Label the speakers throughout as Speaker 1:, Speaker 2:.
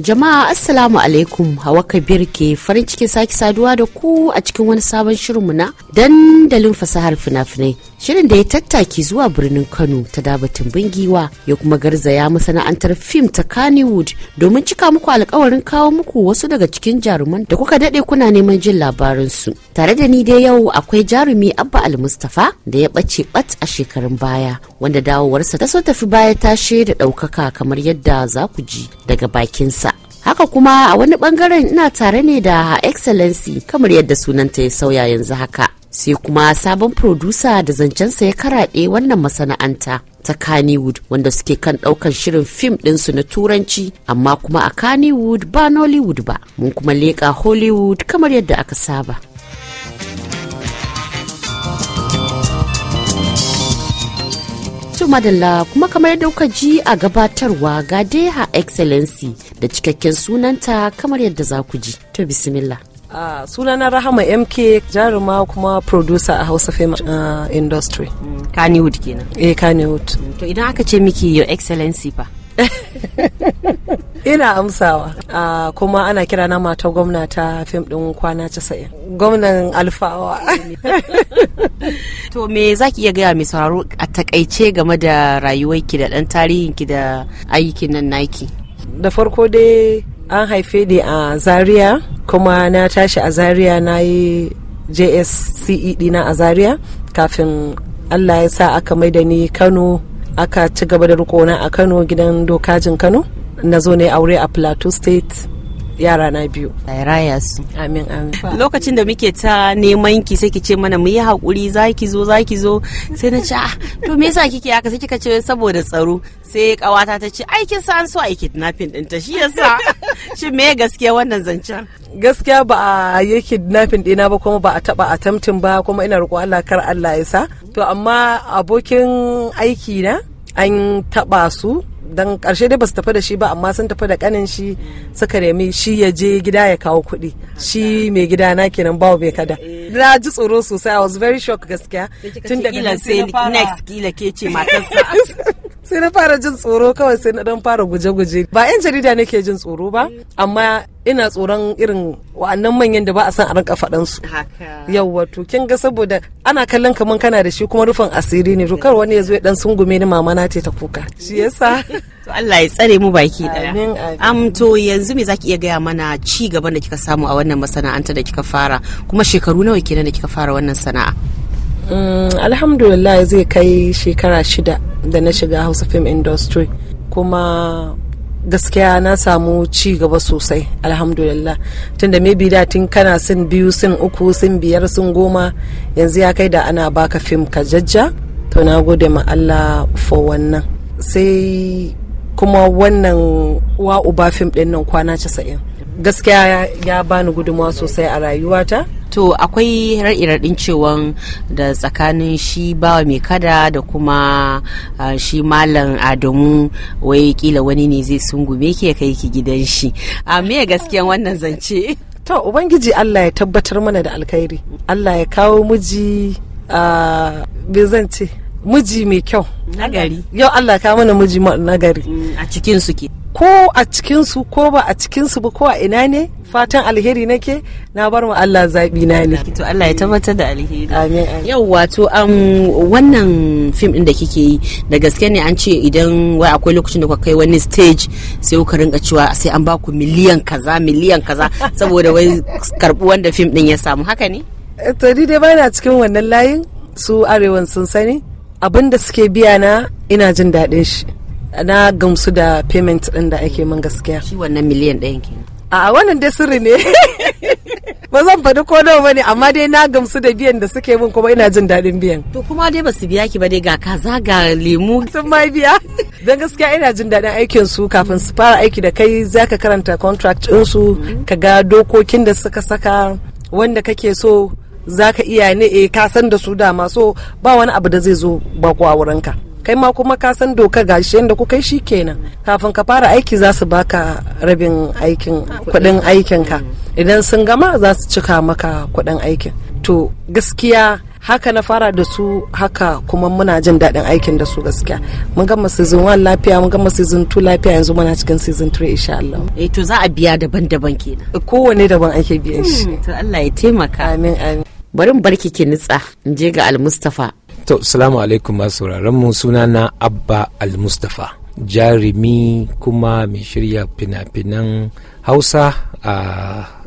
Speaker 1: Jama'a Assalamu alaikum Hawa Kabir ke farin cikin sake saduwa da ku a cikin wani sabon shirinmu na dandalin fasahar fina-finai shirin da ya tattaki zuwa birnin kano ta dabatin bingiwa ya kuma garzaya masana'antar fim ta kannywood domin cika muku alkawarin kawo muku wasu daga cikin jaruman da kuka daɗe kuna neman jin labarinsu tare da ni dai yau akwai jarumi abba almustafa da ya ɓace bat a shekarun baya wanda dawowarsa ta so tafi baya tashe da ɗaukaka kamar yadda za ku ji daga bakinsa haka kuma a wani bangaren ina tare ne da excellency kamar yadda sunanta ya sauya yanzu haka sai kuma sabon produsa da zancensa ya karaɗe wannan masana'anta ta Kannywood wanda suke kan ɗaukan shirin fim ɗinsu na turanci amma kuma a Kannywood ba Nollywood ba mun kuma leƙa Hollywood kamar yadda aka saba. madalla kuma kamar yadda kuka ji a gabatarwa ga deha excellency da cikakken sunanta kamar yadda za ku ji to bismillah
Speaker 2: sunana rahama mk jaruma kuma producer a hausa film
Speaker 1: uh, industry Kaniwood mm, kannywood kenan eh kannywood mm, to idan aka ce miki your excellency fa
Speaker 2: ina amsawa kuma ana kira na mata gwamna ta fim din kwana 90 gwamnan alfawa
Speaker 1: to me zaki iya gaya mai sauraro a takaice game da rayuwarki da dan tarihinki da ayyukin nan naki da farko dai an haife ni a zaria
Speaker 2: kuma na tashi a zaria na yi jsce dina a zaria kafin allah ya sa aka mai da ni kano aka ci gaba da rikona a kano gidan dokajin kano na zo ne aure a plateau state yara na biyu
Speaker 1: a raya su amin amin lokacin da muke ta neman ki sai ki ce mana mu yi hakuri za ki zo za ki zo sai na ce ah to me yasa kike haka sai kika ce saboda tsaro sai kawata ta ce ai kin san so ai kidnapping din ta shi yasa shi me gaskiya wannan zancen
Speaker 2: gaskiya ba a yi kidnapping dina ba kuma ba a taba attempting ba kuma ina roƙo Allah kar Allah ya sa to amma abokin aiki na an taɓa su don ƙarshe dai ba su tafi da shi ba amma sun tafi da kanin shi suka nemi shi ya je gida ya kawo kuɗi shi mai gida na kenan bawo bai kada eh. na ji tsoro sosai i was very shocked
Speaker 1: gaskiya tun daga nan sai next kila ke ce matarsa
Speaker 2: sai na fara jin tsoro kawai sai na dan fara guje-guje ba 'yan jarida nake jin tsoro ba amma ina tsoron irin wa'annan manyan da ba a san a rinka faɗan su yawwa to kin ga saboda ana kallon kaman kana da shi kuma rufin asiri ne to wani ya zo ya dan sungume ni mama na ce ta kuka
Speaker 1: shi yasa to Allah ya tsare mu baki daya am to yanzu me zaki iya gaya mana ci gaban da kika samu a wannan masana'anta da kika fara kuma shekaru nawa kenan da kika fara wannan sana'a
Speaker 2: Mm, alhamdulillah zai kai shekara shida da na shiga hausa film industry kuma gaskiya na samu ci gaba sosai alhamdulillah tunda maybe da tun kana sun biyu sun uku sun biyar sun goma yanzu ya kai da ana baka fim ka jajja to na gode ma Allah for wannan sai kuma wannan wa uba fim din nan kwana casa'in gaskiya
Speaker 1: ya bani gudunmawa sosai a rayuwata to akwai raɗi cewa da tsakanin shi bawa mai kada da kuma shi malam adamu wai kila wani ne zai sungume ki kai ki gidan shi a me gaskiyan wannan zance
Speaker 2: to ubangiji allah ya tabbatar mana da alkhairi allah ya kawo miji a zan ce miji mai kyau nagari yau Allah ka mana miji nagari mm, a cikin su ke ko a cikin su ko ba a cikin su ba ko a ina ne fatan
Speaker 1: alheri nake na bar mu Allah zabi na ne to Allah ya tabbatar da alheri amin yau wato am um, wannan film din da kike yi da gaske ne an ce idan wai akwai lokacin da kuka kai wani stage sai ku rinka cewa sai an baku miliyan kaza miliyan kaza saboda wai karbu wanda film din ya samu haka ne eh, to dai dai bana cikin wannan layin
Speaker 2: su arewan sun sani abin da suke biya na ina jin daɗin shi na gamsu da payment ɗin da ake man gaskiya shi wannan miliyan ɗayan kenan a wannan dai sirri ne ba zan faɗi ko nawa bane amma dai na gamsu da biyan da suke min kuma ina jin daɗin biyan to kuma dai basu biya ki ba dai ga kaza ga lemu sun ma biya dan gaskiya ina jin daɗin aikin su kafin su fara aiki da kai zaka karanta contract ɗin su ka ga dokokin da suka saka wanda kake so za ka iya ne eh ka san da su da so ba wani abu da zai zo bako a wurinka kai ma kuma ka san doka gashi yadda kuka yi kenan kafin ka fara aiki za su baka rabin aikin kudin aikinka idan sun gama za su cika maka kudin aikin to gaskiya haka na fara da su haka kuma muna jin daɗin aikin da su gaskiya mun gama season 1 lafiya mun gama
Speaker 1: season 2 lafiya yanzu muna cikin season 3 insha Allah eh to za a biya daban-daban kenan kowanne daban ake biyan shi hmm, to Allah ya taimaka amin amin
Speaker 3: bari barki ki nitsa in je ga almustafa to salamu alaikum masu sauraron mu na abba almustafa jarumi kuma mai shirya fina-finan hausa a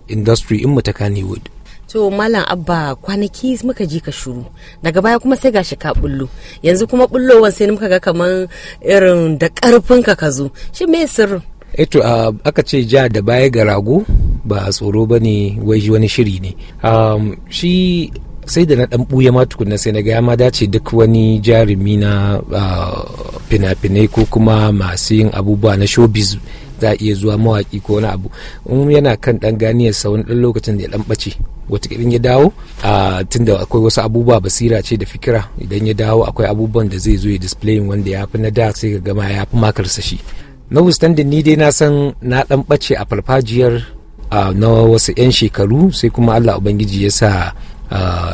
Speaker 3: industry in ta kannywood
Speaker 1: to malam abba kwanaki muka ji ka shuru daga baya kuma sai gashi ka bullo yanzu kuma bullowan sai muka ga kaman irin da karfin ka ka zo shi me sirrin
Speaker 3: eto eh aka ce ja da baya ga rago ba tsoro ba ne wai wani shiri ne um, shi sai da na dan buya ma tukunna sai na ga ma dace duk wani jarumi na uh, fina-finai ko kuma masu yin abubuwa na showbiz za a iya zuwa mawaki ko wani abu in yana kan dan ganiyar sa wani dan lokacin da ya dan bace wataƙilin ya dawo a tunda akwai wasu abubuwa basira ce da fikira idan ya dawo akwai abubuwan da zai zo ya display wanda ya fi na da sai ga gama ya fi makarsa shi na ni dai na san na dan bace a farfajiyar na wasu 'yan shekaru sai kuma allah ubangiji ya sa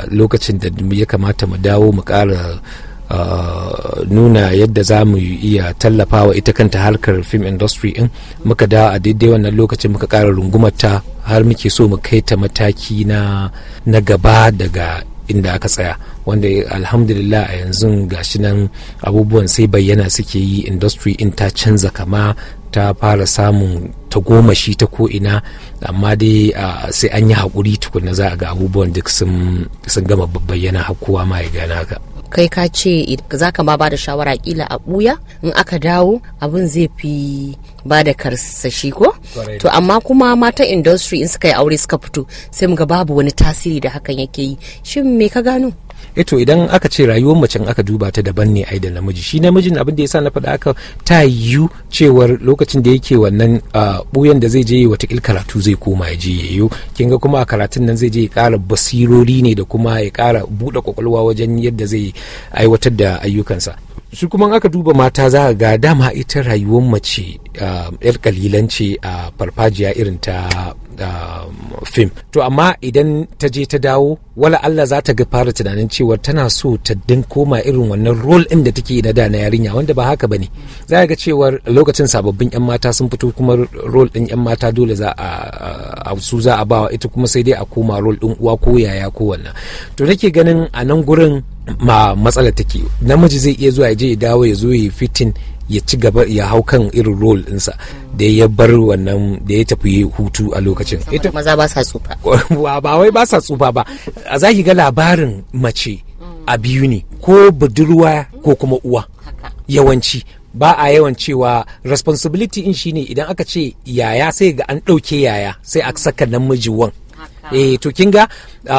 Speaker 3: lokacin da ya kamata mu dawo mu ƙara nuna yadda za mu iya tallafawa ita kanta harkar film industry in muka dawo a daidai wannan lokacin muka ƙara rungumata har muke so mu kai ta mataki na gaba daga inda aka tsaya wanda alhamdulillah a yanzu shi nan abubuwan sai bayyana suke yi industry in ta canza kama ta fara samun ta goma shi ta ko'ina amma dai sai an yi haƙuri tukuna za a ga abubuwan duk sun gama bayyana hakuwa ma ya gana ka
Speaker 1: kai ka ce za ka ma ba da shawara kila a buya in aka dawo abin zai fi ba da karsashi ko to amma kuma matan industry in suka yi aure suka fito sai mu ga babu wani tasiri da hakan yake yi shin me ka gano
Speaker 3: eto eh idan aka ce rayuwar mace aka duba ta daban ne ai da namiji shi namijin abin da yasa na faɗa aka ta yiwu cewar lokacin da yake wannan buyan da zai je watakil karatu zai koma ya je yayo kin ga kuma a karatun nan zai je ya ƙara basirori ne da kuma ya ƙara buɗe kwakwalwa wajen yadda zai aiwatar da ayyukansa su kuma aka duba mata za a ga dama ita rayuwar mace um, yar kalilanci a farfajiya irin ta um, fim to amma idan ta je ta dawo wala Allah za ta ga fara tunanin cewa tana so ta din koma irin wannan rol din da take na da na yarinya wanda ba haka bane za ga cewar lokacin sababbin yan mata sun fito kuma rol din yan mata dole za a su za a bawa ita kuma sai dai a koma rol din uwa ko yaya ko wannan to nake ganin a nan gurin ma matsalar take namiji zai iya zuwa ya je ya dawo ya zo ya fitin ya ci gaba ya hau kan irin rol ɗinsa da ya bar wannan da ya tafi hutu a lokacin ita maza ba sa tsufa ba wai ba sa tsufa ba a zaki ga labarin mace a biyu ne ko budurwa ko kuma uwa yawanci ba a yawan cewa responsibility in shine idan aka ce yaya sai ga an ɗauke yaya sai a saka namiji wan eh to kin ga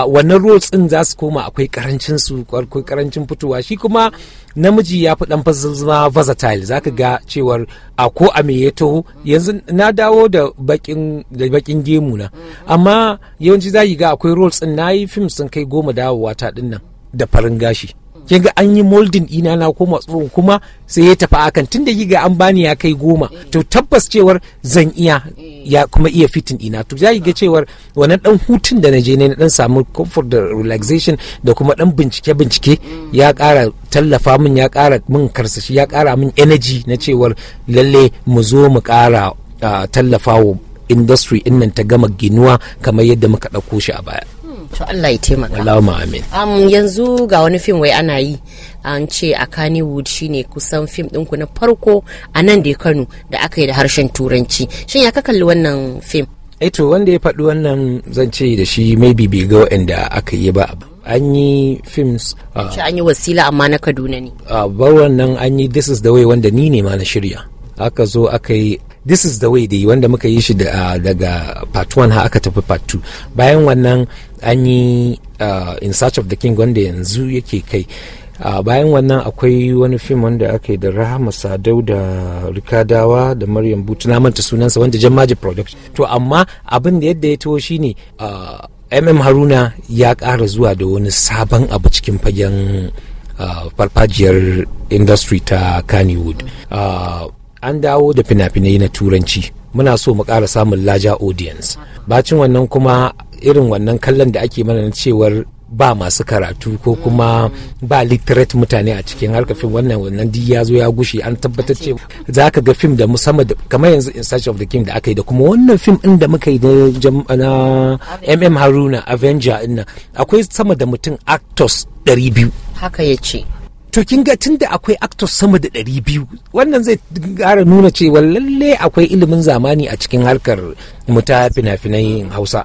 Speaker 3: wannan rules din za su koma akwai karancin su akwai karancin fitowa shi kuma namiji ya fi dan zama versatile zaka ga cewar a ko a me ya taho yanzu na dawo da bakin da bakin gemu na amma yawanci za ga akwai roles din nayi fim sun kai goma dawowa ta dinnan da farin gashi ke ga an yi molding ina na koma tsoron kuma sai ya tafi akan da ga an bani ya kai goma to tabbas cewar zan iya ya kuma iya fitin ina to za ga cewar wannan ɗan hutun da na je ne na dan samu comfort da relaxation da kuma ɗan bincike bincike ya kara tallafa min ya kara min karsashi ya kara min energy na cewar lalle mu zo mu ƙara ah, tallafa wa industry nan ta gama ginuwa kamar yadda muka ɗauko shi a baya to Allah ya taimaka Allahumma amin
Speaker 1: um, yanzu ga wani fim wai ana yi an ce a Kannywood shine kusan fim ɗinku na farko a nan da Kano da aka yi da harshen turanci shin ya ka kalli wannan fim
Speaker 3: eh to wanda ya faɗi wannan zan ce da shi maybe bai ga waɗanda aka yi ba an yi films uh,
Speaker 1: an yi wasila amma na kaduna ne
Speaker 3: uh, ba wannan an yi this is the way wanda ni ne ma na shirya aka zo aka yi this is the way dai wanda muka yi shi ah, daga part 1 har aka tafi part 2 bayan wannan an yi ah, in search of the king wanda yanzu yake kai ah, bayan wannan akwai wani fim wanda aka yi da rahama sadau da rikadawa da maryam butu na manta sunansa wanda maji production to amma abin da yadda ya taho shine ne mm haruna ya ƙara zuwa da wani sabon abu cikin fagen farfajiyar industry ta kannywood an dawo da fina-finai na turanci muna so mu ƙara samun laja audience bacin wannan kuma irin wannan kallon da ake mana na cewar ba masu karatu ko kuma ba literate mutane a cikin harka fim wannan wannan duk ya zo ya gushe an tabbatar cewa za ka ga fim da musamman da kamar yanzu in search of the king da aka yi da kuma wannan fim din da muka yi da na mm haruna avenger inna akwai sama da mutum actors 200 haka ya to kin ga tunda akwai actors sama da ɗari biyu wannan zai ƙara nuna cewa lalle akwai ilimin zamani a cikin harkar muta fina finan hausa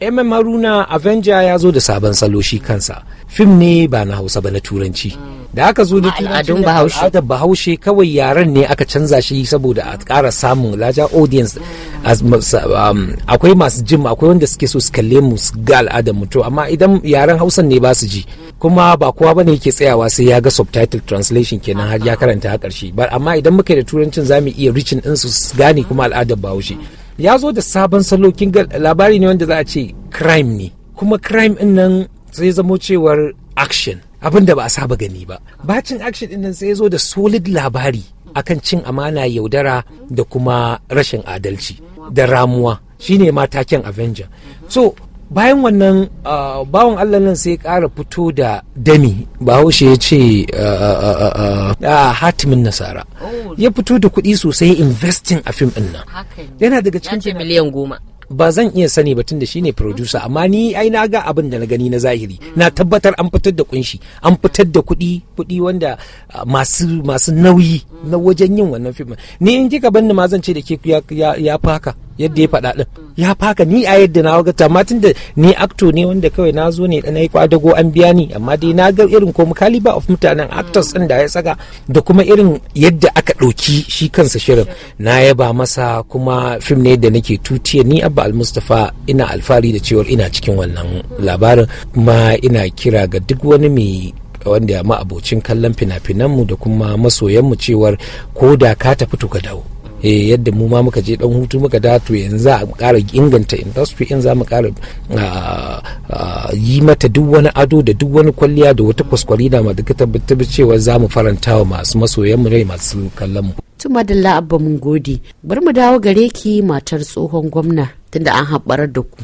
Speaker 3: A mm haruna avenger ya zo da sabon salo shi kansa fim ne ba na hausa ba na turanci da aka zo da al'adun bahaushe da bahaushe kawai yaren ne aka canza shi saboda a ƙara samun laja audience um, um, akwai masu jim akwai wanda suke so su kalle mu ga al'adar amma idan yaren hausan ne ba su ji kuma ba kowa bane yake tsayawa sai ya ga subtitle translation kenan har ya karanta a ƙarshe ba amma idan muka da turancin za mu iya reaching din su gane kuma al'adar bahaushe ya zo da sabon salo kin ga labari ne wanda za a ce crime ne kuma crime din nan sai zamo cewar action abin da ba a saba gani ba bacin action din nan sai zo da solid labari akan cin amana yaudara da kuma rashin adalci da ramuwa shine mataken avenger so bayan wannan ah, bawan allah nan sai ƙara fito da dami bahaushe ya ce ah, ah, hatimin nasara oh. ya fito da kuɗi sosai investing a fim ɗin nan yana daga cikin miliyan goma ba zan iya sani ba tunda shine producer amma ni ai na ga abin da na gani na zahiri na tabbatar an fitar da kunshi an fitar da kuɗi kuɗi wanda masu masu nauyi mm. na wajen yin wannan fim ni in kika banni ma zan ce da ke ya ya haka yadda ya faɗa ɗin ya faka ni a yadda na ga amma tun da ni acto ne wanda kawai na zo ne na yi kwadago an biya ni amma dai na ga irin ko kaliba of mutanen actors ɗin da ya saka da kuma irin yadda aka ɗauki shi kansa shirin na yaba masa kuma fim ne da nake tutiya ni abba mustafa ina alfahari da cewar ina cikin wannan labarin kuma ina kira ga duk wani mai wanda ya ma abocin kallon fina-finanmu da kuma masoyanmu cewar ko da ka tafi to ka dawo eh yadda mu ma muka je dan hutu muka da yanzu za a ƙara inganta industry in za mu ƙara ah, ah, yi mata duk wani ado da duk wani kwalliya da wata kwaskwari da ma duka tabbatar cewa za mu faranta wa masu masoyan mu rai masu kallon mu
Speaker 1: ma da abba mun gode bari mu dawo gare ki matar tsohon gwamna tunda an haɓarar da ku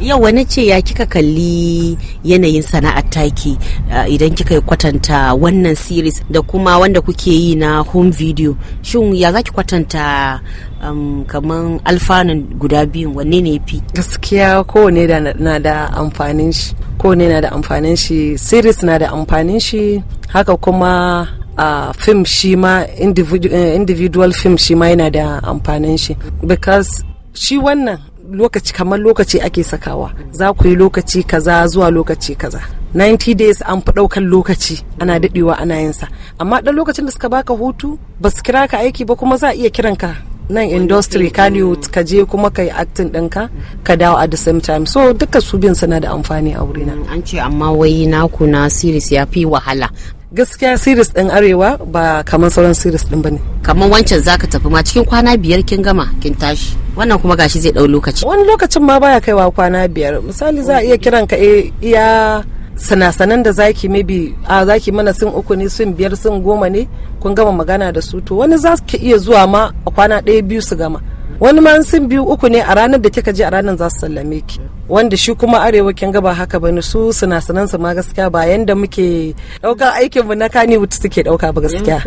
Speaker 1: yau wani ce ya kika kalli yanayin sana'ar taki uh, idan kika kwatanta wannan series da kuma wanda kuke yi na home video shin ya zaki kwatanta um, kamar alfanun guda biyun wanne ne fi gaskiya kowane na da amfanin shi kowane na da amfanin shi
Speaker 2: series na da amfanin shi haka kuma a uh, film shi ma individual, uh, eh, individual film shi ma yana da amfanin shi because shi wannan lokaci kamar lokaci ake sakawa za ku yi lokaci kaza zuwa lokaci kaza 90 days an fi ɗaukar lokaci ana daɗewa ana yin sa amma ɗan lokacin da suka baka hutu ba su kira ka aiki ba kuma za a iya kiran ka nan industry kaliwut ka je kuma ka yi acting ɗinka ka dawo a the same time so duka su bin suna da amfani
Speaker 1: a wurina an ce amma wai naku na series ya fi wahala gaskiya series din arewa ba kamar sauran series din bane kamar wancan zaka tafi ma cikin kwana biyar kin gama kin tashi wannan kuma gashi zai dau lokaci wani lokacin ma baya kaiwa kwana biyar misali za a iya kiran ka eh, iya sanasanan
Speaker 2: da zaki maybe a zaki mana sun uku ne sun biyar sun goma ne kun gama magana da su to wani za iya zuwa ma a kwana ɗaya biyu su gama wani ma sun biyu uku ne a ranar da kika je a ranar za su sallame ki wanda shi kuma arewa kin ga ba haka bane su suna sanan su ma gaskiya ba yanda muke daukar aikin mu na Kannywood suke dauka ba gaskiya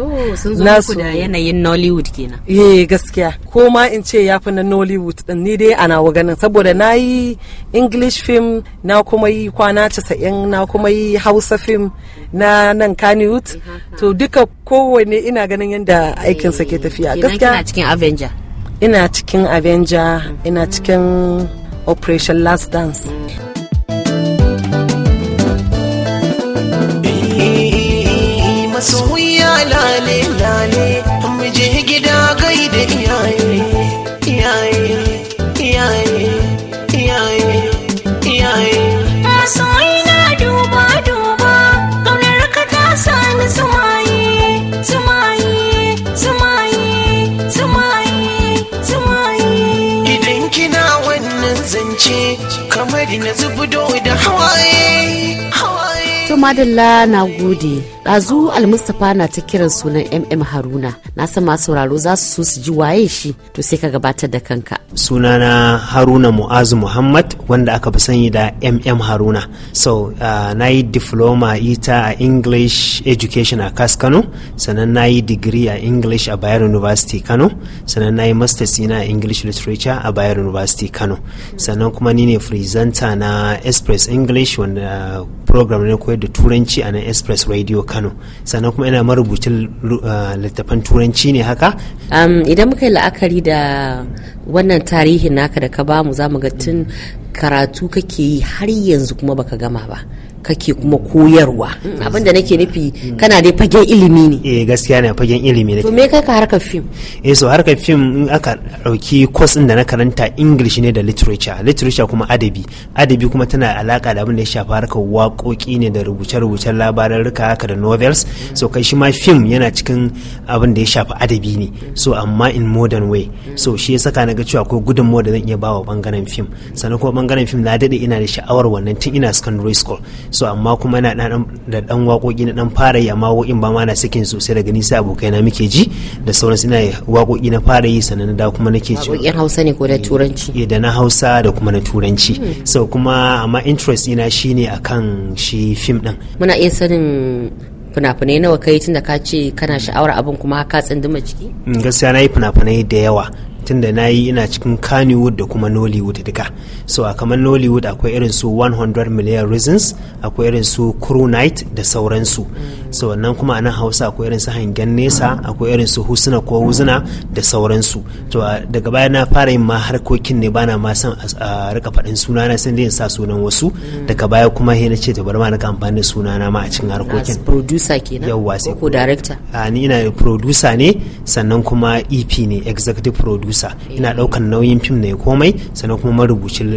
Speaker 1: na su da yanayin
Speaker 2: Nollywood kenan eh gaskiya ko ma in ce yafi na Nollywood din ni dai ana wa ganin saboda nayi English film na kuma yi kwana 90 na kuma yi Hausa film na nan Kannywood eh, to duka kowanne ina ganin yanda aikin sa ke eh, tafiya gaskiya kina cikin Avenger ina cikin avenger ina cikin operation last dance eh, masoya lale lale
Speaker 1: madalla na gode ɗazu almustapha na ta kiran sunan mm haruna na san masu sauraro za su so su ji waye shi to sai ka gabatar da kanka
Speaker 4: sunana haruna mu'azu muhammad wanda aka fi sani da mm haruna so uh, na yi diploma ita a english education a kas kano sannan na yi digiri a english a bayero university kano sannan na yi masters ina a english literature a bayero university kano sannan kuma ni ne presenter na express english wanda uh, program ne koyar da turanci a na express radio kano kano sannan kuma ina marubucin uh, littafan turanci ne haka
Speaker 1: um, idan muka yi la'akari da wannan tarihin naka da ka bamu za mu ga tun karatu kake yi har yanzu kuma baka gama ba kake kuma koyarwa
Speaker 4: abin da nake nufi kana dai fagen ilimi ne eh gaskiya ne fagen ilimi ne to me kai ka harkar film eh so harkar fim in aka dauki course din da na karanta english ne da literature literature kuma adabi adabi kuma tana alaka da abin da ya shafi harkar waƙoƙi ne da rubuce-rubucen labararruka haka da novels so kai shi ma film yana cikin abin da ya shafi adabi ne so amma in modern way so shi ya saka na ga cewa akwai gudunmawa da zan iya bawa bangaren fim sannan kuma bangaren fim na daɗe ina da sha'awar wannan tun ina secondary school so amma kuma ina da dan waƙoƙi na dan fara yi amma waƙin ba ma na sakin sosai daga nisa abokai na muke ji da sauran suna waƙoƙi na fara yi sannan da kuma nake ji waƙoƙin Hausa ne ko da eh, Turanci eh, da na Hausa da kuma na Turanci hmm. so kuma amma interest ina shine akan shi fim din
Speaker 1: muna iya sanin fina-finai nawa kai tun da ka ce kana sha'awar abin kuma ka tsinduma ciki?
Speaker 4: Hmm, gaskiya na yi fina-finai da yawa tunda na yi ina cikin kannywood da kuma nollywood duka so a kamar nollywood akwai irin su 100 million reasons akwai irin su crew night da sauransu so wannan kuma a nan hausa akwai irin su hangen nesa akwai irin su husuna ko wuzuna da sauransu to daga baya na fara yin ma harkokin ne bana ma san a rika faɗin suna na sai sa sunan wasu daga baya kuma he ce ta bar ma rika amfani da sunana ma a cikin harkokin producer kenan yawwa sai ko director ni ina producer ne sannan kuma EP ne executive producer producer ina daukan nauyin fim ne komai sannan kuma marubucin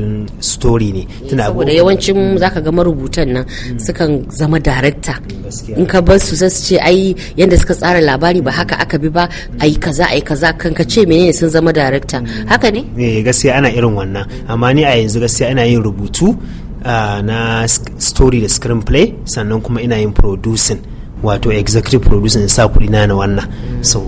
Speaker 4: story ne tana saboda yawancin
Speaker 1: zaka ga marubutan nan hmm. sukan zama director in ka bar su sai su ce ai yanda suka tsara labari ba haka aka bi ba ai kaza ai kaza kan ka ce menene sun zama director hmm. haka ne
Speaker 4: eh gaskiya ana irin wannan amma ni a yanzu gaskiya ina yin rubutu na story da screenplay sannan kuma ina yin producing wato executive producing sa kuɗi na wannan hmm. so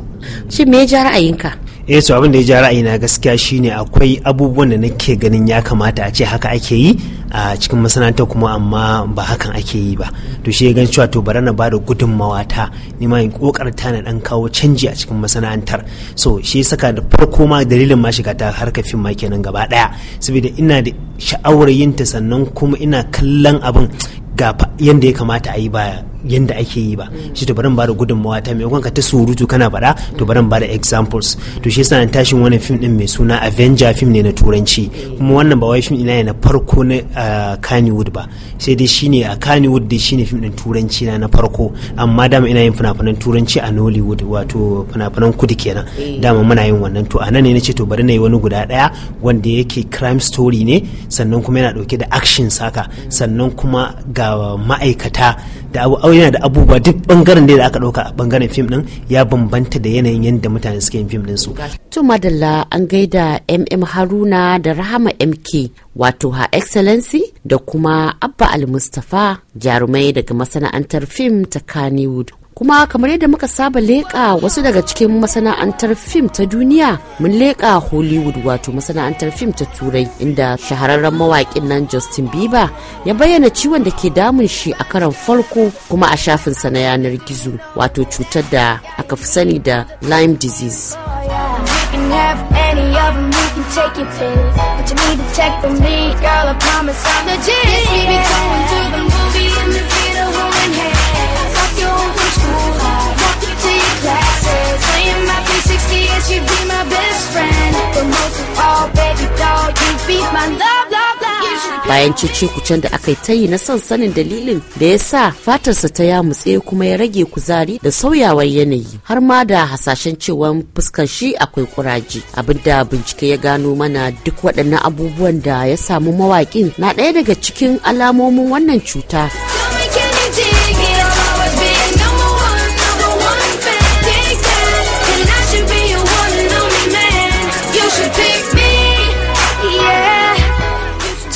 Speaker 1: shi me ya ja ra'ayinka
Speaker 4: eh abin da ya ja ra'ayina gaskiya shine akwai abubuwan da nake ganin ya kamata a ce haka ake yi a cikin masana'anta kuma amma ba hakan ake yi ba to shi gan cewa to bari na ba da gudunmawa ta ni ma in kokarta na dan kawo canji a cikin masana'antar so shi saka da farko ma dalilin ma shiga ta harka fim ma kenan gaba daya saboda ina da sha'awar yin ta sannan kuma ina kallon abin ga yadda ya kamata a yi ba yanda ake yi ba shi to baran ba da gudunmawa ta mai ka ta surutu kana faɗa to baran ba examples to shi yasa tashin wani fim din mai suna Avenger fim ne na turanci kuma wannan ba wai fim ina na farko na ah, Kannywood ba sai dai shine a Kannywood dai shine fim din turanci na na farko amma dama ina yin fina-finan turanci a Nollywood wato fina-finan kudu kenan eh. dama muna yin wannan to anan ne nace to bari na yi wani guda daya wanda yake crime story ne sannan kuma yana dauke da action saka sannan kuma ga ma'aikata da abu yana da abubuwa duk bangaren da aka dauka a bangaren fim din ya bambanta da yanayin yadda mutane suke yin fim din su
Speaker 1: to madalla an gaida mm haruna da rahama mk wato ha excellency da kuma abba al-mustafa jarumai daga masana'antar fim ta kannywood kuma kamar yadda muka saba leƙa wasu daga cikin masana'antar fim ta duniya mun leƙa hollywood wato masana'antar fim ta turai inda shahararren mawaƙin nan justin bieber ya bayyana ciwon da ke damun shi a karan farko kuma a shafinsa na yanar gizo wato cutar da aka fi sani da lyme disease oh,
Speaker 4: Yeah. Playing my 360 and
Speaker 1: Bayan cece kucin da aka yi ta na son sanin dalilin da ya sa fatarsa ta ya mutse kuma ya rage kuzari da sauyawar yanayi har ma da hasashen cewa fuskan shi akwai kuraje abinda bincike ya gano mana duk waɗannan abubuwan da ya samu mawaƙin na ɗaya daga cikin alamomin wannan cuta.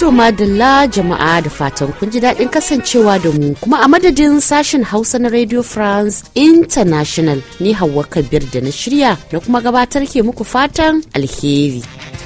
Speaker 1: To madalla jama'a da fatan kun ji daɗin kasancewa da mu kuma a madadin sashen Hausa na Radio France International ni Hauwa Kabir da na shirya na kuma gabatar ke muku fatan alheri.